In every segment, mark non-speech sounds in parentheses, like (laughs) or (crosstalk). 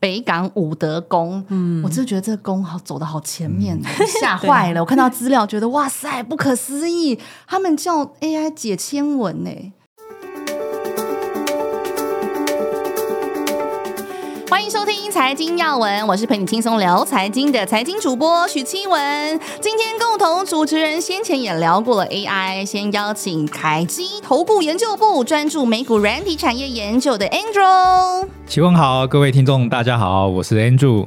北港武德宮，嗯，我真的覺得這個宮好走的好前面，嚇壞了、 (laughs) 啊。我看到資料，覺得哇塞，不可思議，他們叫 AI 解籤文呢、欸。歡迎收聽財經要聞，我是陪你輕鬆聊財經的財經主播許娸雯。今天共同主持人先前也聊過了 AI，先邀請凱基投顧研究部專注美股軟體產業研究的 Angela。娸雯好，各位聽眾大家好，我是 Angela。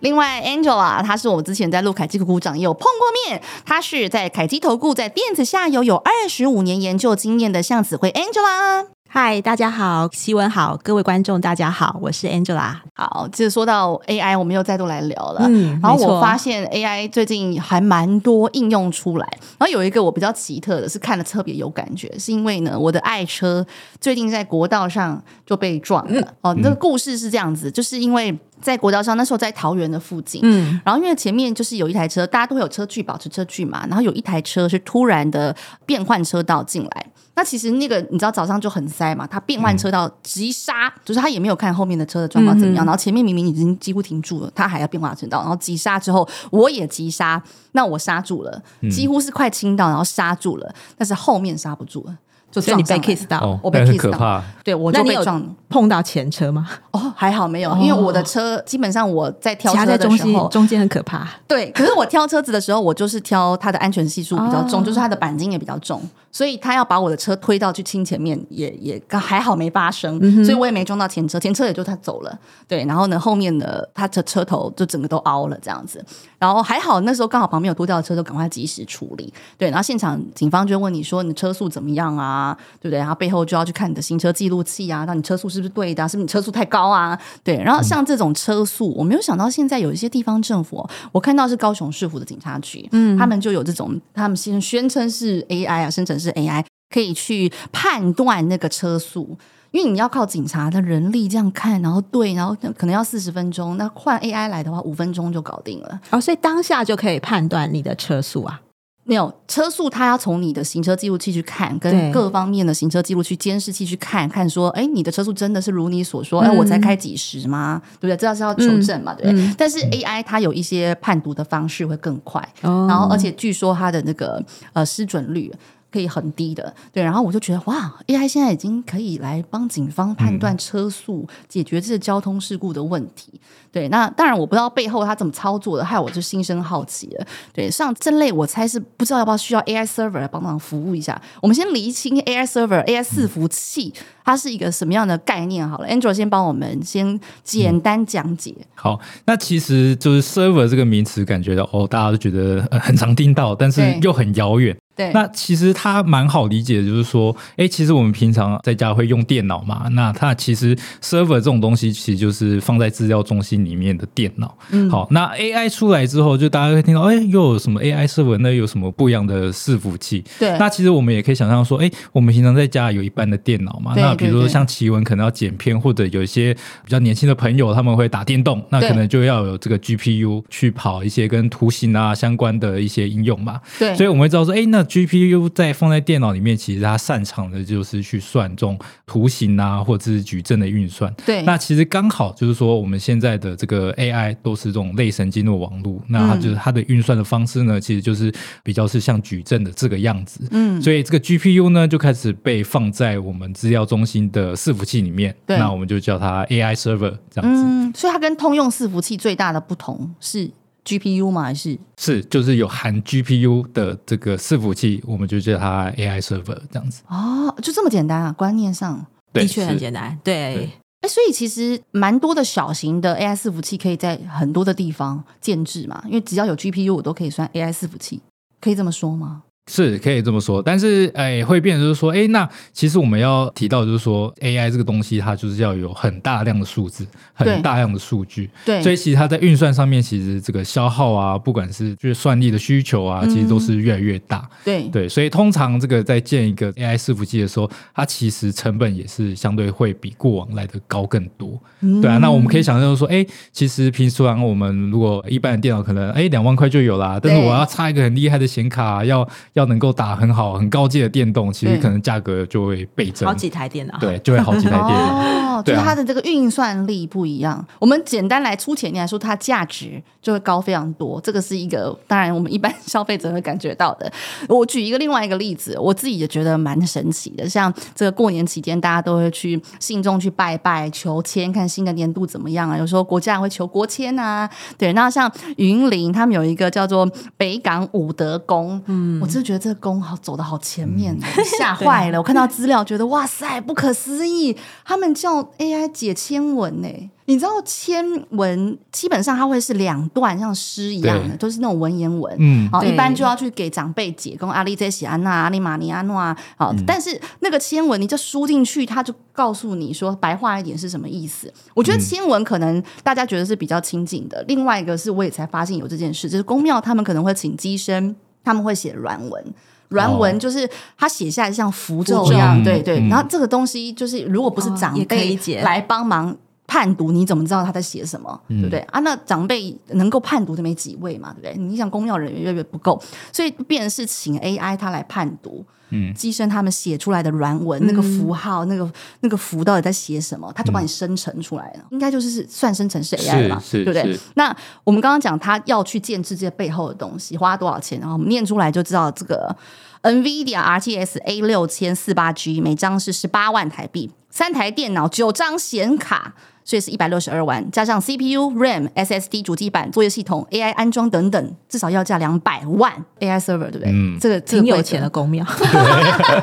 另外 Angela 啊，他是我之前在錄凱基股股長有碰過面，他是在凱基投顧在電子下游有二十五年研究經驗的向子輝 Angela。嗨，大家好，娸雯好，各位觀眾大家好，我是 Angela。好，就是說到 AI，我們又再度來聊了。嗯，然後我發現 AI 最近還蠻多應用出來，然後有一個我比較奇特的，是看得特別有感覺，是因為呢，我的愛車最近在國道上就被撞了。嗯、哦，那個故事是這樣子，嗯、就是因為。在國道上，那時候在桃園的附近，嗯，然後因為前面就是有一台車，大家都會有車距，保持車距嘛，然後有一台車是突然的變換車道進來，那其實那個你知道早上就很塞嘛，他變換車道急剎、嗯，就是他也沒有看後面的車的狀況怎麼樣，嗯、然後前面明明已經幾乎停住了，他還要變換車道，然後急剎之後我也急剎，那我剎住了，幾乎是快傾倒，然後剎住了，但是後面剎不住了。就是你被 kiss 到。哦，我被 kiss 到，對，我就被，那你有撞碰到前車嗎？哦，還好沒有，哦、因為我的車基本上我在挑車子的時候，在中間很可怕。對，可是我挑車子的時候，我就是挑它的安全係數比較重。哦，就是它的鈑金也比較重。所以他要把我的車推到去清前面，也也還好沒發生、嗯，所以我也沒撞到前車，前車也就他走了。對，然後呢，後面的他車車頭就整個都凹了這樣子。然後還好那時候剛好旁邊有多掉的車，就趕快及時處理。對，然後現場警方就問你說你車速怎麼樣啊？對不對？然後背後就要去看你的行車記錄器啊，那你車速是不是對的、啊？是不是你車速太高啊？對。然後像這種車速、嗯，我沒有想到現在有一些地方政府，我看到是高雄市府的警察局，嗯、他們就有這種，他們先宣稱是 AI 啊，生成。是 AI 可以去判斷那個車速，因為你要靠警察的人力這樣看，然後對，然後可能要四十分鐘。那換 AI 來的話，五分鐘就搞定了、哦、所以當下就可以判斷你的車速啊？沒有車速，它要從你的行車記錄器去看，跟各方面的行車記錄器監視器去看看說，哎，你的車速真的是如你所說，哎、嗯，我才開幾十嗎？對不對？這要是要求證嘛，對不對、嗯嗯？但是 AI 它有一些判讀的方式會更快，哦、然後而且據說它的那個呃失準率。可以很低的。對，然後我就覺得哇，AI 現在已經可以來幫警方判斷車速，嗯，解決這個交通事故的問題，對。那當然我不知道背後他怎麼操作的，害我就心生好奇了。對，像這類我猜是不知道要不要需要 AI server 來幫忙服務一下。我們先釐清 AI server，AI，嗯，伺服器，它是一個什麼樣的概念？好了，Angela 先幫我們先簡單講解，嗯。好，那其實就是 server 這個名詞，感覺哦，大家都覺得很常聽到，但是又很遙遠。那其實它蠻好理解，就是說，哎、欸，其實我們平常在家會用電腦嘛。那它其實 server 這種東西，其實就是放在資料中心裡面的電腦。嗯。好，那 AI 出來之後，就大家會聽到，哎、欸，又有什麼 AI server？那有什麼不一樣的伺服器？對。那其實我們也可以想象說，哎、欸，我們平常在家有一般的電腦嘛對對對。那比如說像娸雯可能要剪片，或者有一些比較年輕的朋友他們會打電動，那可能就要有這個 GPU 去跑一些跟圖形啊相關的一些應用嘛。對。所以我們會知道說，哎、欸，那 GPU 在放在電腦裡面，其實它擅長的就是去算這種圖形啊，或者是矩陣的運算。對，那其實剛好就是說，我們現在的這個 AI 都是這種類神經網絡，那它就是它的運算的方式呢，嗯，其實就是比較是像矩陣的這個樣子。嗯，所以這個 GPU 呢，就開始被放在我們資料中心的伺服器裡面。對，那我們就叫它 AI Server 這樣子。嗯，所以它跟通用伺服器最大的不同是 GPU 嗎？還是？是，就是有含 GPU 的這個伺服器，我們就叫它 AI Server 這樣子。哦，就這麼簡單啊，觀念上。的確很簡單。對，對，哎、欸，所以其實蠻多的小型的 AI 伺服器可以在很多的地方建置嘛，因為只要有 GPU，我都可以算 AI 伺服器，可以這麼說嗎？是，可以這麼說，但是哎、欸，會變就是說，哎、欸，那其實我們要提到就是說，AI 這個東西，它就是要有很大量的數字，很大量的數據，對，所以其實它在運算上面，其實這個消耗啊，不管是就是算力的需求啊，其實都是越來越大，嗯、對對，所以通常這個在建一個 AI 伺服器的時候，它其實成本也是相對會比過往來的高更多，嗯、對啊，那我們可以想象說，哎、欸，其實平時啊我們如果一般的電腦可能哎欸，兩萬塊就有啦，但是我要插一個很厲害的顯卡、啊、要。要要能夠打很好、很高階的電動，其實可能價格就會倍增，嗯、好幾台電腦，對，就會好幾台電腦。 (laughs) 就是它的這個運算力不一樣，啊、我們簡單來粗淺點來說，它價值就會高非常多。這個是一個當然我們一般消費者會感覺到的。我舉一個另外一個例子，我自己也覺得蠻神奇的。像這個過年期間，大家都會去信眾去拜拜求籤，看新的年度怎麼樣啊。有時候國家也會求國籤啊。對，那像雲林他們有一個叫做北港武德宮，嗯，我真的覺得這個宮好走得好前面，嚇、嗯、壞了、 (laughs) 啊。我看到資料覺得哇塞，不可思議。他們叫 AI 解籤文呢、欸？你知道籤文基本上它會是兩段，像詩一樣的，都是那種文言文。嗯，好，一般就要去給長輩解，跟阿里這些安娜、阿里馬尼阿諾啊。好、嗯，但是那個籤文你就輸進去，它就告訴你說白話一點是什麼意思。我覺得籤文可能大家覺得是比較親近的、嗯。另外一個是，我也才發現有這件事，就是宮廟他們可能會請乩身，他們會寫軟文。軟文就是他寫下來像符咒一樣，嗯、對對、嗯，然後這個東西就是如果不是長輩來幫忙。哦，也可以解。判讀你怎麼知道他在寫什麼，嗯、對不對啊？那長輩能夠判讀的沒幾位嘛，對不對？你想宮廟人員越來越不夠，所以便是請 AI 他來判讀，嗯，寄生他們寫出來的軟文那個符號，嗯、那個那個符到底在寫什麼，他就把你生成出來了、嗯，應該就是算生成是 AI 嘛，對不對？那我們剛剛講他要去建置這些背後的東西，花多少錢？然後我們念出來就知道這個 NVIDIA RTX A 六千四八 G 每張是十八萬台幣，三台電腦九張顯卡。所以是一百六十二萬，加上 CPU、RAM、SSD 主機板、作業系統、AI 安裝等等，至少要價兩百萬 AI server，對不對？嗯，這個挺有錢的宮廟。哈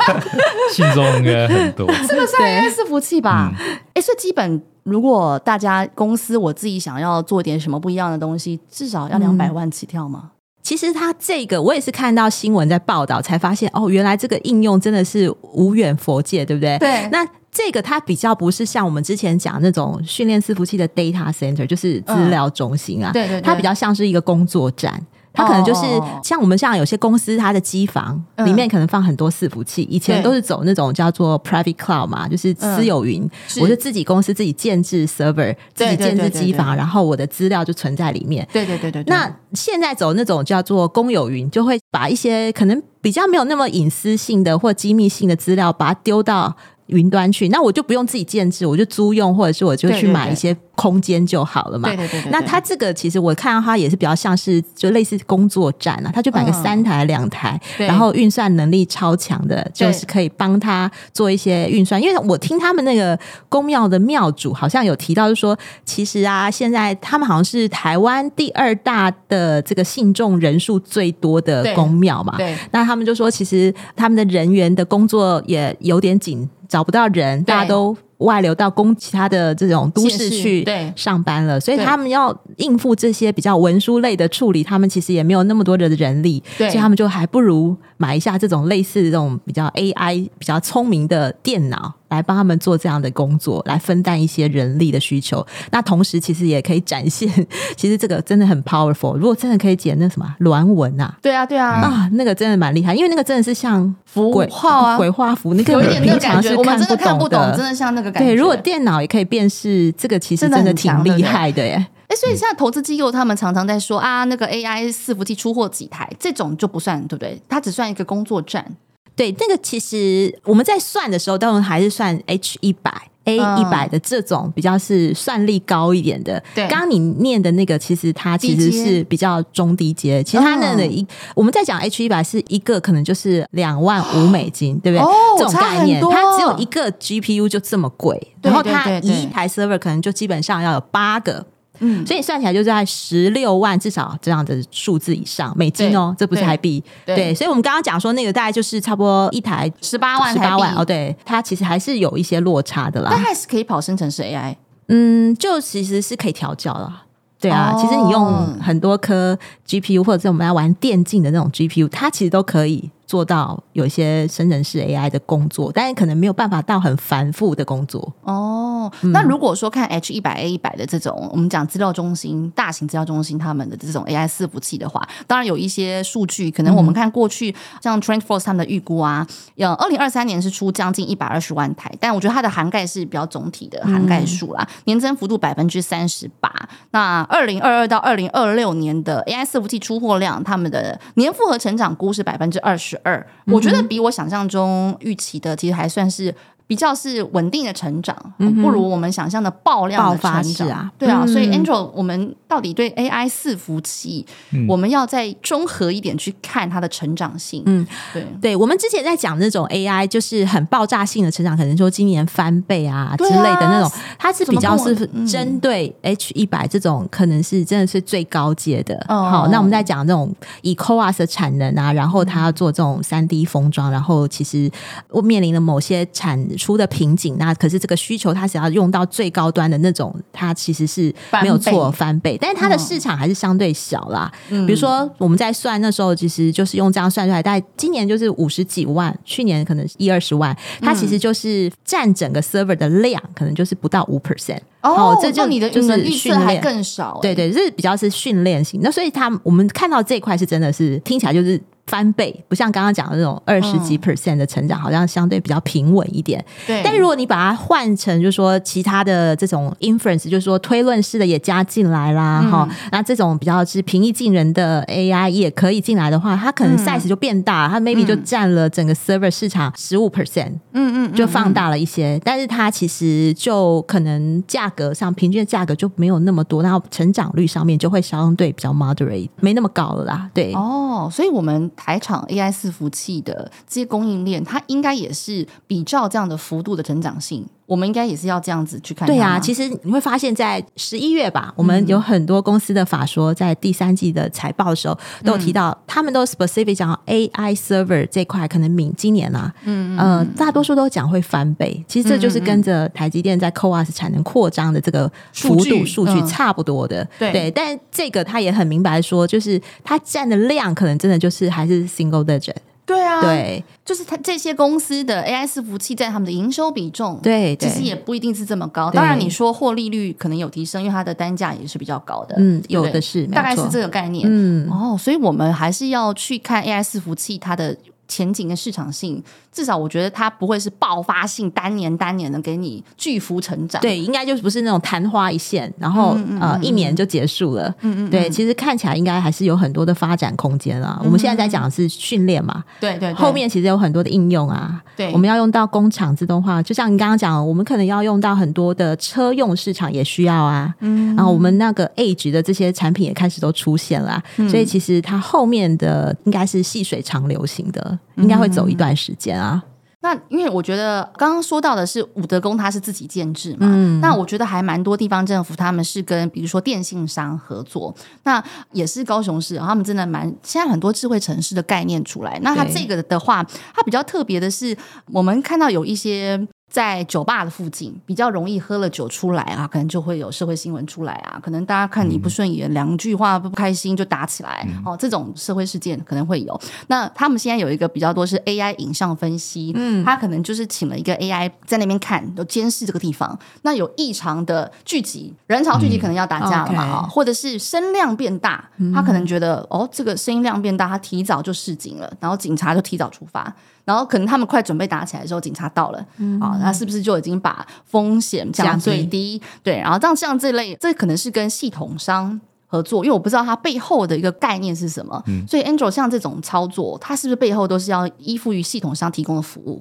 (laughs) 信對 (laughs) 中應該很多。是不是算 AI 伺服器吧？哎、嗯欸，所以基本如果大家公司我自己想要做點什麼不一樣的東西，至少要兩百萬起跳嗎？嗯、其實他這個我也是看到新聞在報道，才發現哦，原來這個應用真的是無遠弗屆，對不對？對，那。這個它比較不是像我們之前講的那種訓練伺服器的 data center，就是資料中心啊。嗯、對，對對，它比較像是一個工作站，它可能就是像我們像有些公司，它的機房、嗯、裡面可能放很多伺服器。以前都是走那種叫做 private cloud 嘛，就是私有雲，嗯、是我是自己公司自己建置 server，對對對對對自己建置機房，然後我的資料就存在裡面。對對對對，對。那現在走那種叫做公有雲，就會把一些可能比較沒有那麼隱私性的或機密性的資料，把它丟到。雲端去，那我就不用自己建置，我就租用，或者是我就去買一些。空間就好了嘛。對對，對對對。那他這個其實我看到他也是比較像是就類似工作站啊。他就擺個三台兩台、嗯，然後運算能力超強的，就是可以幫他做一些運算。因為我聽他們那個宮廟的廟主好像有提到就是，就說其實啊，現在他們好像是台灣第二大的這個信眾人數最多的宮廟嘛，對。對。那他們就說，其實他們的人員的工作也有點緊，找不到人，大家都。外流到公其他的這種都市去上班了，所以他們要應付這些比較文書類的處理，他們其實也沒有那麼多的人力，所以他們就還不如。買一下這種類似這種比較 AI 比較聰明的電腦，來幫他們做這樣的工作，來分擔一些人力的需求。那同時其實也可以展現，其實這個真的很 powerful。如果真的可以解那什麼籤文啊，對啊對啊啊，那個真的蠻厲害，因為那個真的是像鬼畫啊鬼畫符，那個有點那個感覺平常是看不懂的，我們真的看不懂，真的像那個感覺。對，如果電腦也可以辨識，這個其實真的挺厲害的耶。哎、欸，所以像投資機構他們常常在說、嗯、啊，那個 AI 伺服器出貨幾台，這種就不算，對不對？它只算一個工作站。對，那個其實我們在算的時候，當然還是算 H 一百、A 一百的這種比較是算力高一點的。對，剛你念的那個其實它其實是比較中低階，其他那的一、嗯，我們在講 H 一百是一個可能就是兩萬五美金、哦，對不對？哦，這種概念，它只有一個 GPU 就這麼貴，然後它一一台 server 可能就基本上要有八個。嗯，所以你算起來就是在十六萬至少這樣的數字以上，美金哦、喔，這不是台幣，對。所以我們剛剛講說那個大概就是差不多一台十八萬,萬，十八萬哦，對，它其實還是有一些落差的啦，它還是可以跑生成式 AI，嗯，就其實是可以調教的，對啊、哦，其實你用很多顆 GPU 或者是我們來玩電競的那種 GPU，它其實都可以做到有些生成式 AI 的工作，但也可能沒有辦法到很繁複的工作哦。那如果說看 H 一百 A 一百的這種，嗯、我們講資料中心、大型資料中心他們的這種 AI 伺服器的話，當然有一些數據，可能我們看過去、嗯、像 TrendForce 他們的預估啊，呃，二零二三年是出將近一百二十萬台，但我覺得它的涵蓋是比較總體的涵蓋數啦、嗯，年增幅度百分之三十八。那二零二二到二零二六年的 AI 伺服器出貨量，他們的年複合成長估是百分之二十。二， (noise) 我覺得比我想象中預期的，其實還算是。比較是穩定的成長，嗯、不如我們想象的爆量的爆發式啊，對啊，嗯、所以 Angela，我們到底對 AI 伺服器，我們要再綜合一點去看它的成長性，嗯，對，對，我們之前在講那種 AI 就是很爆炸性的成長，可能說今年翻倍啊，啊之類的那種，它是比較是針對 H100 這種，可能是真的是最高階的、嗯。好，那我們在講這種 CoWoS 的產能啊，然後它要做這種 3D 封裝、嗯，然後其實我面臨的某些產。出的瓶頸，那可是這個需求，它想要用到最高端的那種，它其實是沒有錯翻,翻倍，但是它的市場還是相對小啦。嗯、比如說，我們在算那時候，其實就是用這樣算出來，大概今年就是五十幾萬，去年可能一二十萬，它其實就是占整個 server 的量，可能就是不到五 percent、哦。哦，這就,就是你的就是預算還更少、欸，對對,對，就是比較是訓練型。那所以它我們看到這塊是真的是聽起來就是。翻倍，不像剛剛講的那種二十幾 percent 的成長、嗯，好像相對比較平穩一點。對。但如果你把它換成，就是說其他的這種 inference，就是說推論式的也加進來啦，哈、嗯，那這種比較是平易近人的 AI 也可以進來的話，它可能 size 就變大，嗯、它 maybe 就佔了整個 server 市場十五 percent。嗯嗯。就放大了一些、嗯嗯嗯，但是它其實就可能價格上平均的價格就沒有那麼多，然後成長率上面就會相對比較 moderate，沒那麼高了啦。對。哦，所以我們。台廠 AI 伺服器的這些供應鏈，它應該也是比照這樣的幅度的成長性。我們應該也是要這樣子去看，看、啊。對啊，其實你會發現在十一月吧，我們有很多公司的法說，在第三季的財報的時候，嗯、都有提到他們都 specific 講到 AI server 這塊可能明今年啊嗯嗯嗯，呃，大多數都講會翻倍。其實這就是跟着台積電在 CoWoS 產能擴張的這個幅度數據，數據，數據差不多的、嗯對。對，但這個他也很明白說，就是他佔的量可能真的就是還是 single digit。對啊，對，就是它這些公司的 AI 伺服器，在他們的營收比重，對，其實也不一定是這麼高。對對，當然，你說獲利率可能有提升，因為它的單價也是比較高的。嗯，對對，有的是，大概是這個概念。嗯，哦、oh，所以我們還是要去看 AI 伺服器它的前景跟市場性，至少我覺得它不會是爆發性，單年單年的給你巨幅成長。對，應該就是不是那種曇花一現，然後嗯嗯嗯呃一年就結束了。嗯，嗯嗯。對，其實看起來應該還是有很多的發展空間了、嗯嗯。我們現在在講的是訓練嘛，對、嗯、對、嗯。後面其實有很多的應用啊，對，對，對，我們要用到工廠自動化，就像你剛剛講，我們可能要用到很多的車用市場也需要啊。嗯，嗯。然後我們那個 AGE 的這些產品也開始都出現了、啊嗯，所以其實它後面的應該是細水長流型的。應該會走一段時間啊、嗯。那因為我覺得剛剛說到的是武德宮，它是自己建制嘛、嗯。那我覺得還蠻多地方政府他們是跟比如說電信商合作。那也是高雄市、哦，他們真的蠻現在很多智慧城市的概念出來。那它這個的話，它比較特別的是，我們看到有一些。在酒吧的附近比較容易喝了酒出來啊，可能就會有社會新聞出來啊，可能大家看你不順眼，兩、嗯、句話不開心就打起來、嗯、哦。這種社會事件可能會有。那他們現在有一個比較多是 AI 影像分析，嗯，他可能就是請了一個 AI 在那邊看，都監視這個地方。那有異常的聚集，人潮聚集可能要打架了嘛、嗯 okay？或者是聲量變大，他可能覺得、嗯、哦，這個聲音量變大，他提早就示警了，然後警察就提早出發。然後可能他們快準備打起來的時候，警察到了，嗯、啊，那是不是就已經把風險降最低？對，然後像像這類，這可能是跟系統商合作，因為我不知道它背後的一個概念是什麼，嗯、所以 Android 像這種操作，它是不是背後都是要依附於系統商提供的服務？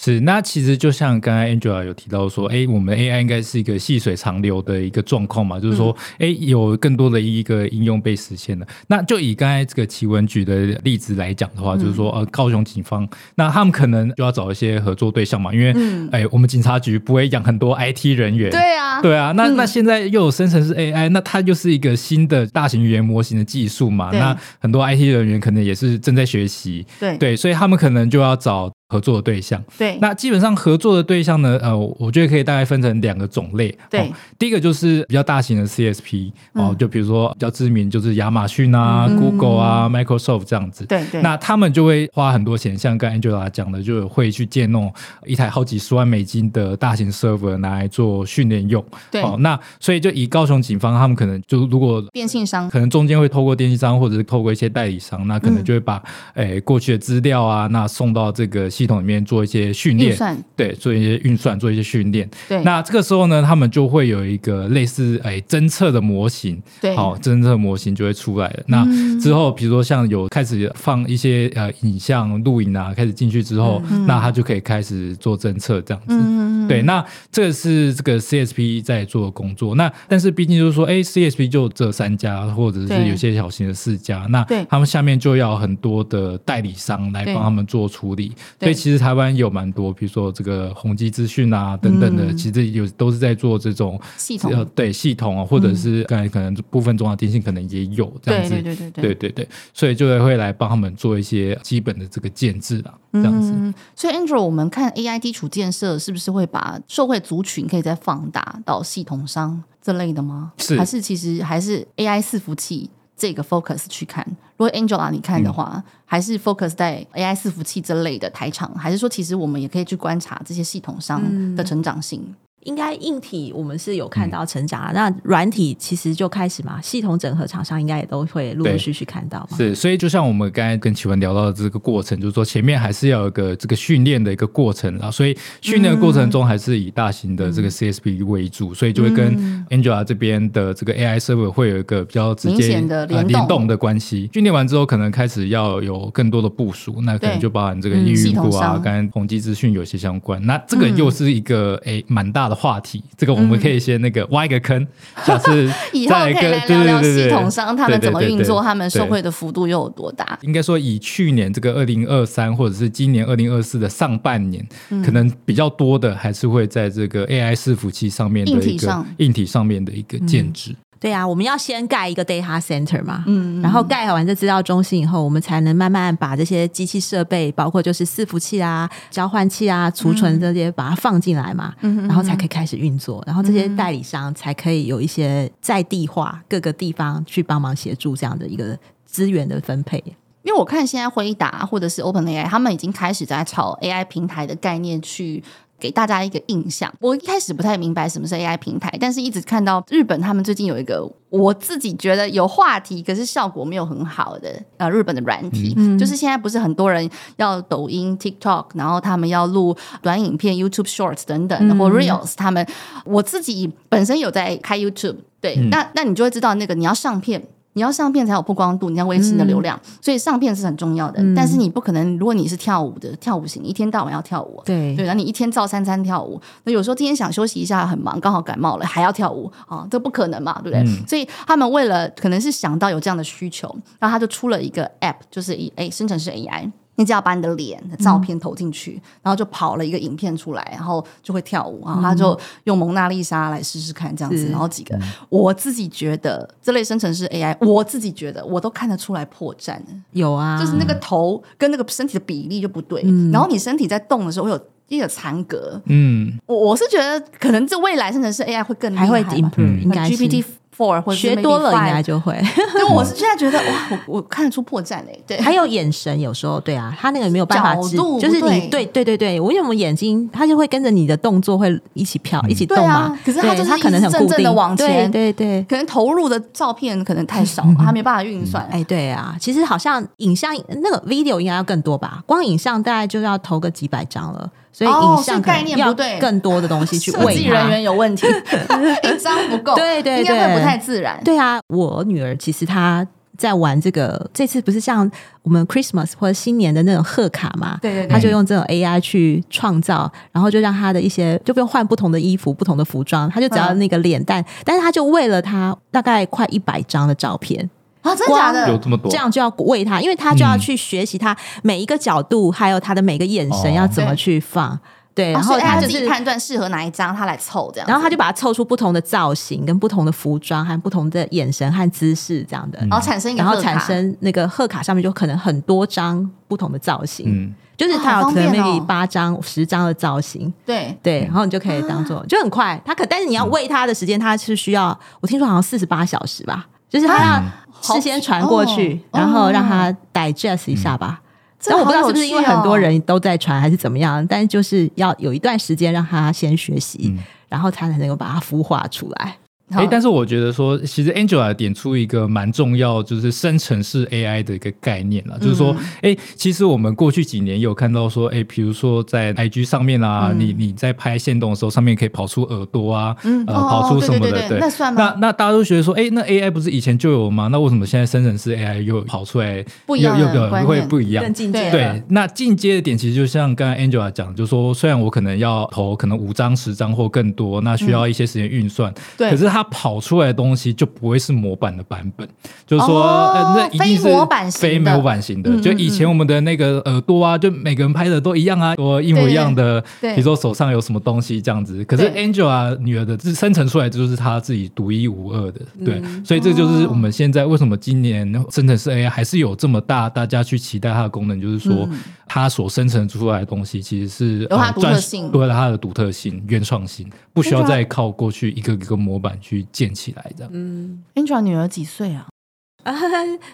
是，那其實就像剛才 Angela 有提到說，哎、欸，我們 AI 應該是一個細水長流的一個狀況嘛、嗯，就是說，哎、欸，有更多的一個應用被實現了。那就以剛才這個娸雯舉的例子來講的話、嗯，就是說，呃、啊，高雄警方，那他們可能就要找一些合作對象嘛，因為，哎、嗯欸，我們警察局不會養很多 IT 人員，對啊，對啊。對啊那、嗯、那現在又有生成式 AI，那它就是一個新的大型語言模型的技術嘛，那很多 IT 人員可能也是正在學習，對對，所以他們可能就要找。合作的對象，對，那基本上合作的對象呢，呃，我覺得可以大概分成兩個種類，對、哦，第一個就是比較大型的 CSP，、嗯、哦，就比如說比較知名，就是亞馬遜啊、嗯、Google 啊、嗯、Microsoft 這樣子，對對，那他們就會花很多錢，像跟 Angela 講的，就會去借弄一台好幾十萬美金的大型 server 來做訓練用，對，哦，那所以就以高雄警方，他們可能就，如果電信商，可能中間會透過電信商或者是透過一些代理商，那可能就會把誒、嗯欸、過去的資料啊，那送到這個。系統裡面做一些訓練，對，做一些運算，做一些訓練。對。那這個時候呢，他們就會有一個類似哎偵測的模型，對，好，偵測模型就會出來了。嗯、那之後，比如說像有開始放一些呃影像錄影啊，開始進去之後嗯嗯，那他就可以開始做偵測這樣子。嗯，嗯，嗯對，那這個是這個 CSP 在做工作。那但是畢竟就是說，哎、欸、CSP 就這三家或者是有些小型的四家，對，那他們下面就要很多的代理商來幫他們做處理。對。對所以其實台灣有蠻多，比如說這個宏基資訊啊等等的，嗯、其實有都是在做這種系統，對系統、啊，或者是剛才可能部分中華電信可能也有、嗯、這樣子，對對對對對對，對，對所以就會會來幫他們做一些基本的這個建置啊、嗯，這樣子。所以 Angela，我們看 AI 基礎建設是不是會把社會族群可以再放大到系統上這類的嗎？是還是其實還是 AI 伺服器？這個 focus 去看，如果 Angela 你看的話，嗯、還是 focus 在 AI 伺服器這類的台廠，還是說其實我們也可以去觀察這些系統上的成長性。嗯應該硬體我們是有看到成長了，嗯，那軟體其實就開始嘛，系統整合廠商應該也都會陸陸續,續續看到嘛。是，所以就像我們剛才跟娸雯聊到的這個過程，就是說前面還是要有一個這個訓練的一個過程啊，所以訓練的過程中還是以大型的這個 CSP 為主，嗯、所以就會跟 Angela 這邊的這個 AI server 會有一個比較直接的聯動,、呃、聯動的關係。訓練完之後，可能開始要有更多的部署，那可能就包含這個應用部啊，跟、嗯、統計資訊有些相關。那這個又是一個哎、嗯欸，蠻大的。話題，這個我們可以先那個挖一個坑，就、嗯、是 (laughs) 以後可以來聊聊系統商他們怎麼運作，他們受惠的幅度又有多大？應該說，以去年這個二零二三，或者是今年二零二四的上半年、嗯，可能比較多的還是會在這個 AI 伺服器上面的一個硬體上面的一個建置。嗯對呀、啊，我們要先蓋一個 data center 嘛，嗯，然後蓋好完這資料中心以後，我們才能慢慢把這些機器設備，包括就是伺服器啊、交換器啊、儲存這些，嗯、把它放進來嘛，嗯，然後才可以開始運作，然後這些代理商才可以有一些在地化，嗯、各個地方去幫忙協助這樣的一個資源的分配。因為我看現在輝達或者是 OpenAI，他們已經開始在朝 AI 平台的概念去。給大家一個印象，我一開始不太明白什麼是 AI 平台，但是一直看到日本他們最近有一個，我自己覺得有話題，可是效果沒有很好的呃，日本的軟體、嗯，就是現在不是很多人要抖音、TikTok，然後他們要錄短影片、YouTube Shorts 等等或、嗯、Reels，他們我自己本身有在開 YouTube，對，嗯、那那你就會知道那個你要上片。你要上片才有曝光度，你要維持你的流量、嗯，所以上片是很重要的、嗯。但是你不可能，如果你是跳舞的跳舞型，你一天到晚要跳舞，對對，然後你一天照三餐跳舞，那有時候今天想休息一下，很忙，剛好感冒了還要跳舞啊、哦，這不可能嘛，對不對、嗯？所以他們為了可能是想到有這樣的需求，然後他就出了一個 app，就是 A 生成式 AI。你只要把你的臉的照片投進去、嗯，然後就跑了一個影片出來，然後就會跳舞啊！他、嗯、就用蒙娜麗莎來試試看這樣子，然後幾個、嗯，我自己覺得這類生成式 AI，我自己覺得我都看得出來破綻。有、嗯、啊，就是那個頭跟那個身體的比例就不對，嗯、然後你身體在動的時候，會有一個殘格。嗯，我我是覺得可能這未來生成式 AI 會更厲害還會 i m p r 4, 5, 學多了應該就會。因為我是現在覺得 (laughs) 哇我，我看得出破綻哎、欸。對，還有眼神有時候對啊，他那個沒有辦法指就是你對對對對，對對對我因為我眼睛他就會跟着你的動作會一起飄、嗯、一起動嘛。啊、可是他是可能很固定正正的往前，對，對對，可能投入的照片可能太少，他 (laughs) 還沒辦法運算。哎、 (laughs) 欸，對啊，其實好像影像那個 video 應該要更多吧，光影像大概就要投個幾百張了。所以影像概念要對，更多的東西去餵，哦， (laughs) 人員有問題， (laughs) (laughs) 一張不夠，對對對，應該會不太自然。對啊，我女兒其實她在玩這個，這次不是像我們 Christmas 或者，新年的那種賀卡嘛？對對對，她就用這種 AI 去創造，然後就讓她的一些就用換不同的衣服，不同的服裝，她就只要那個臉蛋，嗯，但是她就為了她大概快一百張的照片。啊、哦，真的假的？有這麼多，這樣就要餵它，因為它就要去學習它每一個角度，還有它的每個眼神要怎麼去放。嗯、對，對，然後它就是、哦、他判斷適合哪一張，它來湊這樣。然後它就把它湊出不同的造型、跟不同的服裝、和不同的眼神和姿勢這樣的、嗯。然後產生一個，然後產生那個賀卡上面就可能很多張不同的造型。嗯，就是它有可能那個八張、十、哦、張、哦、的造型。對，對，然後你就可以當做、嗯，就很快。他可，但是你要餵它的時間，它是需要，我聽說好像四十八小時吧，就是他要。嗯事先傳過去、哦，然後讓他 digest 一下吧、嗯。但我不知道是不是因為很多人都在傳還是怎麼樣、哦，但就是要有一段時間讓他先學習、嗯，然後他才能夠把它孵化出來。哎、欸，但是我覺得說，其實 Angela 點出一個蠻重要，就是生成式 AI 的一個概念了、嗯，就是說，哎、欸，其實我們過去幾年有看到說，哎、欸，比如說在 IG 上面啊，嗯、你你在拍限動的時候，上面可以跑出耳朵啊，嗯，呃、哦哦跑出什麼的，對，對，對，對，對，那算嗎那，那大家都覺得說，哎、欸，那 AI 不是以前就有嗎？那為什麼現在生成式 AI 又跑出來，又又會不一樣？更進階，對，那進階的點其實就像剛才 Angela 講，就是說，雖然我可能要投可能五張、十張或更多，那需要一些時間運算、嗯，對，可是它。它跑出來的東西就不會是模板的版本，就是說，那一定是非模板、非模板型的。就以前我們的那個耳朵啊，就每個人拍的都一樣啊，都一模一樣的。比如說手上有什麼東西這樣子，可是 Angela 啊，女兒的生成出來就是她自己獨一無二的。對，所以這就是我們現在為什麼今年生成式 AI 還是有這麼大大家去期待它的功能，就是說。它所生成出來的東西，其實是有它的獨特性，有、呃、了它的獨特性、原創性，不需要再靠過去一個一個模板去建起來這樣。 (noise) 嗯，Angela 女兒幾歲啊？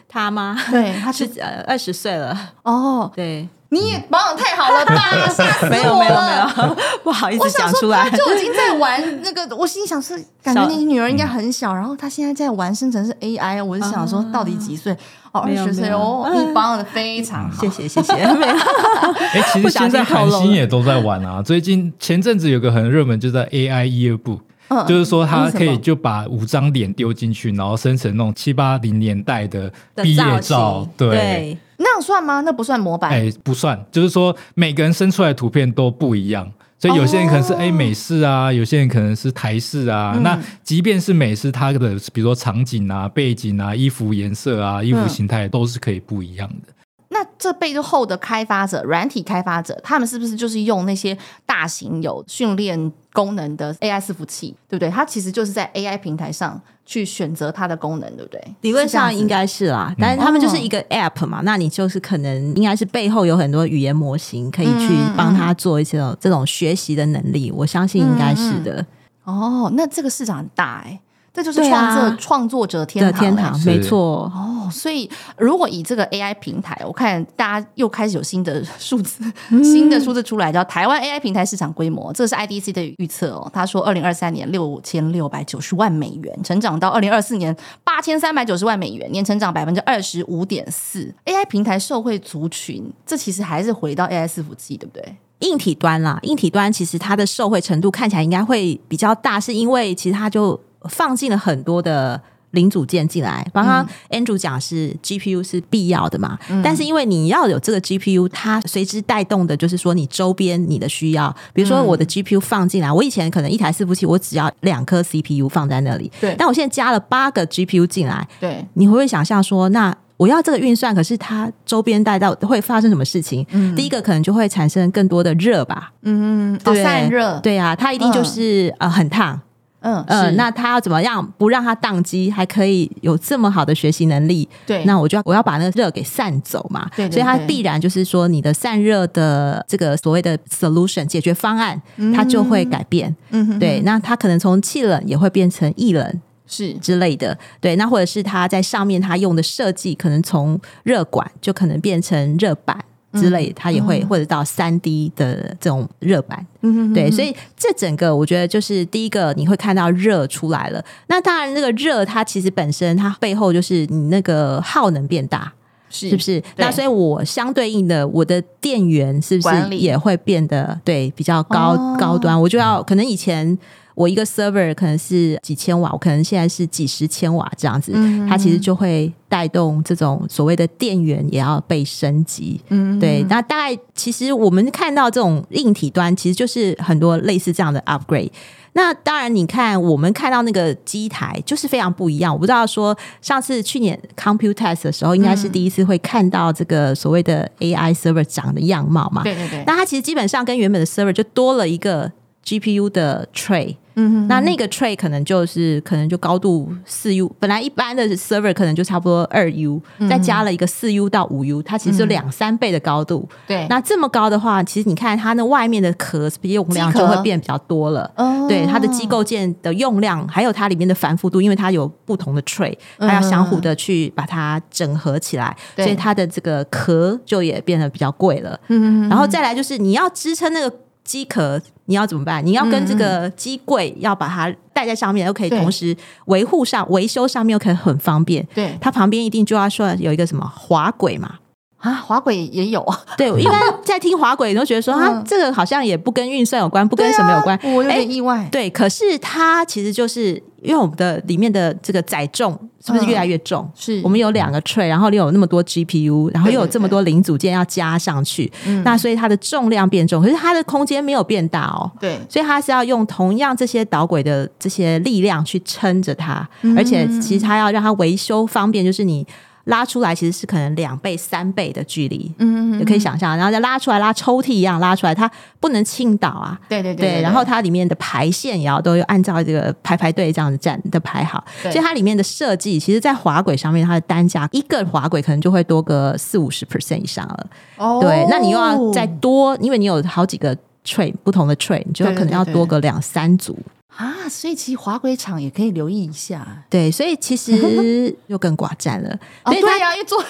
她嗎？對，她是二十、呃、歲了。哦，對。你也保養太好了吧？沒有沒有，不好意思， (laughs) 我想說他就已經在玩那個， (laughs) 我心想是感覺你女兒應該很小、小，然後她現在在玩生成式 AI，、嗯、我是想說到底幾歲、嗯？哦，二十歲哦、嗯，你保養的非常好，謝謝謝謝。哎、 (laughs) 欸，其實現在韓星也都在玩啊。最近前陣子有個很熱門，就在 AI 一二部、嗯，就是說他可以就把五張臉丟進去，然後生成那種七八零年代的畢業照，對。對那樣算嗎？那不算模板。哎、欸，不算，就是說每個人生出來的圖片都不一樣，所以有些人可能是 A、哦欸、美式啊，有些人可能是台式啊。嗯、那即便是美式，它的比如說場景啊、背景啊、衣服顏色啊、衣服形態、嗯、都是可以不一樣的。那這背後的開發者、軟體開發者，他們是不是就是用那些大型有訓練功能的 AI 伺服器，對不對？它其實就是在 AI 平台上去選擇它的功能，對不對？理論上應該是啦，是但是他們就是一個 app 嘛，嗯哦、那你就是可能應該是背後有很多語言模型可以去幫他做一些這種，嗯嗯這種學習的能力，我相信應該是的嗯嗯。哦，那這個市場很大哎、欸，這就是創作創、啊、作者天的天堂，沒錯。所以，如果以這個 AI 平台，我看大家又開始有新的數字、新的數字出來，叫台灣 AI 平台市場規模，這是 IDC 的預測哦。他說，二零二三年六千六百九十萬美元，成長到二零二四年八千三百九十萬美元，年成長百分之二十五點四。AI 平台受惠族群，這其實還是回到 AI 伺服器，對不對？硬體端啦，硬體端其實它的受惠程度看起來應該會比較大，是因為其實它就放進了很多的。零組件進來，剛剛 Andrew 講是 GPU 是必要的嘛、嗯？但是因為你要有這個 GPU，它隨之帶動的，就是說你周邊你的需要，比如說我的 GPU 放進來、嗯，我以前可能一台伺服器我只要兩顆 CPU 放在那裡，對。但我現在加了八個 GPU 進來，對。你會不會想象說，那我要這個運算，可是它周邊帶到會發生什麼事情、嗯？第一個可能就會產生更多的熱吧，嗯嗯、啊，散熱，對啊，它一定就是、嗯、呃很燙。嗯嗯、呃，那他要怎麼樣不讓他宕機，還可以有這麼好的學習能力？對，那我就要我要把那個熱給散走嘛。對，對，對，所以他必然就是說，你的散熱的這個所謂的 solution 解決方案，它就會改變。嗯哼，對，那他可能從氣冷也會變成液冷，是之類的。對，那或者是他在上面他用的設計，可能從熱管就可能變成熱板。嗯、之類，它也會或者到 3D 的這種熱板、嗯哼哼哼，對，所以這整個我覺得就是第一個你會看到熱出來了。那當然，那個熱它其實本身它背後就是你那個耗能變大，是，是不是？那所以我相對應的，我的電源是不是也會變得對比較高，哦、高端？我就要，嗯，可能以前。我一個 server 可能是幾千瓦，我可能現在是幾十千瓦這樣子，它、嗯、其實就會帶動這種所謂的電源也要被升級。嗯，對。那大概其實我們看到這種硬體端，其實就是很多類似這樣的 upgrade。那當然，你看我們看到那個機台就是非常不一樣。我不知道說上次去年 Computex 的時候，應該是第一次會看到這個所謂的 AI server 長的樣貌嘛？對對對。那它其實基本上跟原本的 server 就多了一個 GPU 的 tray。嗯，那那個 tray 可能就是可能就高度四 U，本來一般的 server 可能就差不多二 U，、嗯、再加了一個四 U 到五 U，它其實就兩三倍的高度。對、嗯，那這麼高的話，其實你看它那外面的殼用量就會變比較多了。嗯，對，它的機構件的用量，還有它裡面的繁複度，因為它有不同的 tray，它要相互的去把它整合起來，嗯、所以它的這個殼就也變得比較貴了。嗯哼，然後再來就是你要支撐那個。機殼，你要怎麼辦？你要跟這個機櫃要把它帶在上面，嗯、又可以同時維護上維修上面，又可以很方便。對，它旁邊一定就要說有一個什麼滑軌嘛。啊，滑軌也有啊 (laughs) 對，因為在聽滑軌，你都覺得說啊，它這個好像也不跟運算有關，不跟什麼有關，啊、我有，有點意外、欸。對，可是它其實就是因為我們的裡面的這個載重是不是越來越重？嗯、是我們有兩個 tray，然後又有那麼多 GPU，然後又有這麼多零組件要加上去對對對對，那所以它的重量變重，可是它的空間沒有變大哦。對，所以它是要用同樣這些導軌的這些力量去撐着它，嗯，而且其實它要讓它維修方便，就是你。拉出來其實是可能兩倍三倍的距離，嗯哼哼，你可以想象。然後再拉出來，拉抽屜一樣拉出來，它不能傾倒啊，對對對，對，對，對。然後它裡面的排線也要都按照這個排排隊這樣子站的排好。其實它裡面的設計，其實在滑軌上面，它的單價一個滑軌可能就會多個四五十 percent 以上了。哦，對，那你又要再多，因為你有好幾個 train，不同的 train，你就可能要多個兩三組。對對對對啊，所以其實滑軌廠也可以留意一下，對，所以其實又 (laughs) 更寡佔了。哦、對呀，又做，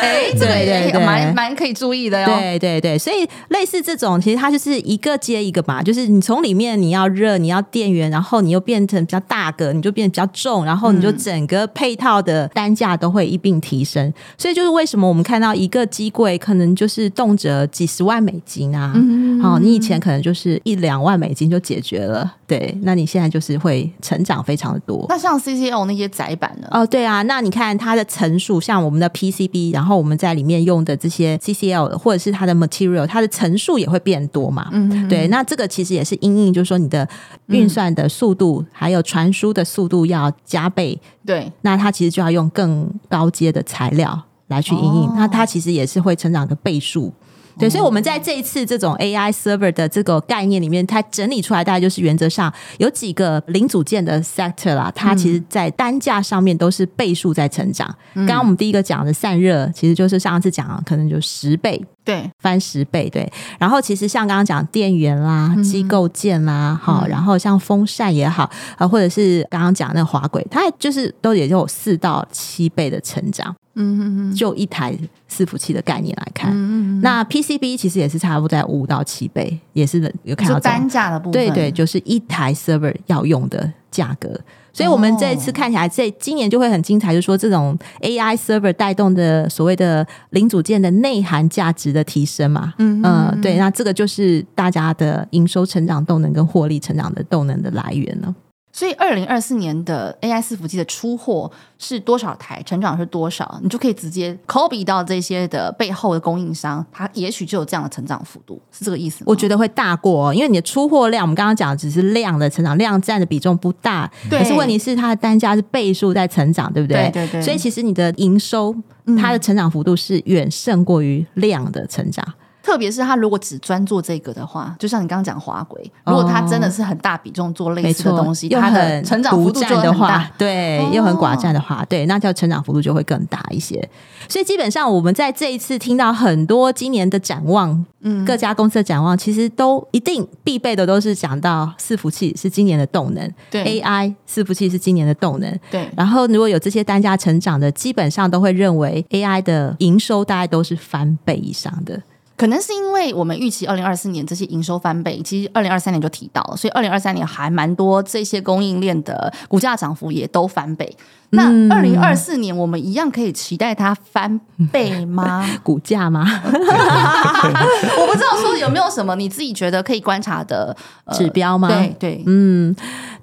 哎、 (laughs) (laughs) 欸，對對，對，蠻蠻可以注意的喲、喔。對對對，所以類似這種，其實它就是一個接一個嘛，就是你從裡面你要熱，你要電源，然後你又變成比較大個，你就變得比較重，然後你就整個配套的單價都會一併提升、嗯。所以就是為什麽我們看到一個機櫃可能就是動輒幾十萬美金啊嗯哼嗯哼，哦，你以前可能就是一兩萬美金就解決了。對，那你現在就是會成長非常的多。那像 CCL 那些載板的哦，對啊，那你看它的層數，像我們的 PCB，然後我們在裡面用的這些 CCL 或者是它的 material，它的層數也會變多嘛。嗯，嗯，對，那這個其實也是因應，就是說你的運算的速度、嗯、還有傳輸的速度要加倍。對，那它其實就要用更高階的材料來去因應，哦，那它其實也是會成長的倍數。對，所以我們在這一次這種 AI server 的這個概念裡面，它整理出來大概就是原則上有幾個零組件的 sector 啦，它其實在單價上面都是倍數在成長。剛、嗯、剛我們第一個講的散熱，其實就是上一次講，可能就十倍。對，翻十倍對，然後其實像剛剛講電源啦、嗯、機構件啦，好、嗯，然後像風扇也好，或者是剛剛講那個滑軌，它就是都也就有四到七倍的成長，嗯嗯嗯，就一台伺服器的概念來看、嗯，那 PCB 其實也是差不多在五到七倍，也是有看到這就單價的部分，對對，就是一台 server 要用的價格。所以，我們這一次看起來，這今年就會很精彩。就說，這種 AI Server 帶動的所謂的零組件的內涵價值的提升嘛，嗯嗯、呃，對，那這個就是大家的營收成長動能跟獲利成長的動能的來源了。所以，二零二四年的 AI 伺服器的出貨是多少台？成長是多少？你就可以直接對比到這些的背後的供應商，它也許就有這樣的成長幅度，是這個意思？我覺得會大過、哦，因為你的出貨量，我們剛剛講只是量的成長，量占的比重不大。可是問題是，它的單價是倍數在成長，對不對？對對對。所以其實你的營收，它的成長幅度是遠勝過於量的成長。嗯特別是他如果只專做這個的話，就像你剛剛講滑軌，如果他真的是很大比重做類似的東西，它、哦、很獨占的話對，又很寡占的、哦、的話，對，那叫成長幅度就會更大一些。所以基本上我們在這一次聽到很多今年的展望，嗯，各家公司的展望其實都一定必備的都是講到伺服器是今年的動能，對，AI 伺服器是今年的動能，對。然後如果有這些單價成長的，基本上都會認為 AI 的營收大概都是翻倍以上的。可能是因為我們預期二零二四年這些營收翻倍，其實二零二三年就提到了，所以二零二三年還蠻多這些供應鏈的股價漲幅也都翻倍。那二零二四年，我們一樣可以期待它翻倍嗎？嗯、股價嗎？ (laughs) (laughs) (laughs) 我不知道說有沒有什麼你自己覺得可以觀察的指標嗎？呃、對對，嗯，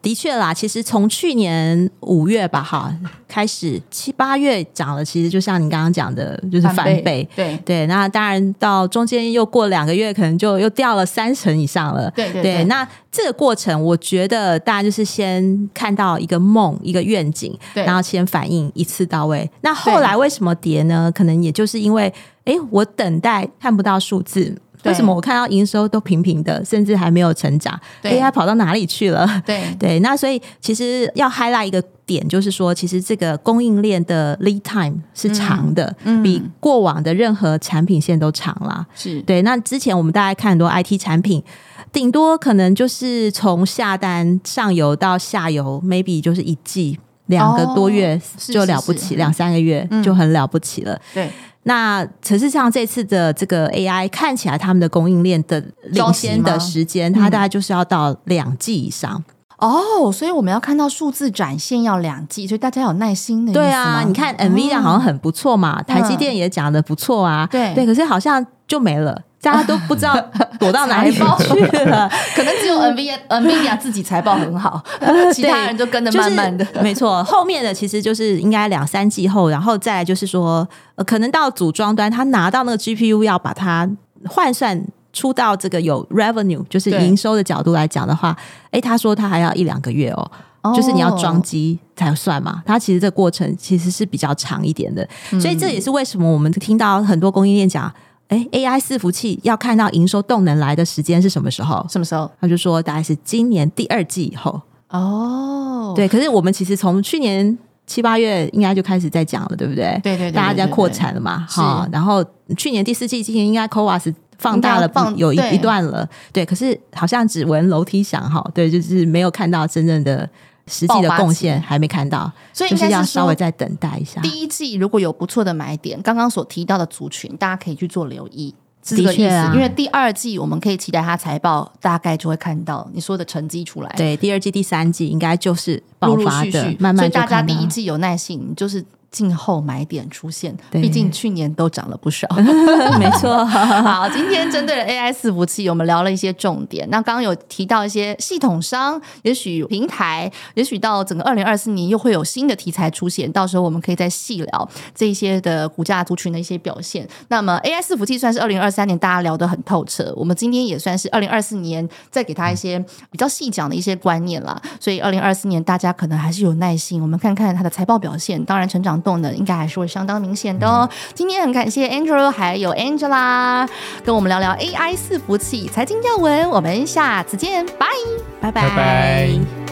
的確啦，其實從去年五月吧，哈，開始七八月漲了，其實就像你剛剛講的，就是翻倍，翻倍對對。那當然，到中間又過兩個月，可能就又掉了三成以上了，對對，對，對。那這個過程，我覺得大家就是先看到一個夢，一個願景，然後先反應一次到位。那後來為什麼跌呢？可能也就是因為，誒我等待看不到數字，為什麼我看到營收都平平的，甚至還沒有成長？對誒，它跑到哪裡去了？對對，那所以其實要 highlight 一個點就是說，其實這個供應鏈的 lead time、嗯、是長的，比過往的任何產品線都長了。是，對。那之前我們大概看很多 IT 產品，頂多可能就是從下單上游到下游，maybe 就是一季兩個多月就了不起，兩、哦、三個月就很了不起了。對、嗯。那事實上，這次的這個 AI 看起來，他們的供應鏈的領先的時間、嗯，它大概就是要到兩季以上。哦，所以我們要看到數字展現要兩季，所以大家有耐心的。對啊，你看 NVIDIA 好像很不錯嘛，哦、台積電也講的不錯啊。嗯、對對，可是好像就沒了，大家都不知道 (laughs) 躲到哪裡去了。 (laughs) 可能只有 NVIDIA NVIDIA 自己財報很好， (laughs) 其他人都跟着慢慢的。就是、沒錯，後面的其實就是應該兩三季後，然後再來就是說、呃，可能到組裝端，他拿到那個 GPU 要把它換算。出到這個有 revenue，就是營收的角度來講的話，哎、欸，他說他還要一兩個月、喔、哦，就是你要裝機才算嘛。他其實這個過程其實是比較長一點的、嗯，所以這也是為什麼我們聽到很多供應鏈講，哎、欸、AI 伺服器要看到營收動能來的時間是什麼時候？什麼時候？他就說大概是今年第二季以後。哦，對，可是我們其實從去年七八月應該就開始在講了，對不對？對對，對，對，對，對，對大家在擴產了嘛？哈，然後去年第四季，今年應該 Coas。放大了有一一段了對，對，可是好像只聞樓梯響哈，對，就是沒有看到真正的實際的貢獻，還沒看到，所以應該、就是、要稍微再等待一下。第一季如果有不錯的買點，剛剛所提到的族群，大家可以去做留意，是這個意思、啊、因為第二季我們可以期待它財報，大概就會看到你說的成績出來。對，第二季、第三季應該就是爆發的陸陸續續慢慢就看到。所以大家第一季有耐性就是。靜候買點出現，對，畢竟去年都漲了不少， (laughs) 沒錯好。好，今天針對了 AI 伺服器，我們聊了一些重點。 (laughs) 那剛剛有提到一些系統商，也許平台，也許到整個二零二四年又會有新的題材出現，到時候我們可以再細聊這些的股價族群的一些表現。那麼 AI 伺服器算是二零二三年大家聊得很透徹，我們今天也算是二零二四年再給他一些比較細講的一些觀念了。所以二零二四年大家可能還是有耐心，我們看看他的財報表現，當然成長。動能應該還是會相當明顯的哦。今天很感謝 Andrew 還有 Angela 跟我們聊聊 AI 伺服器財經要聞，我們下次見，拜拜拜拜。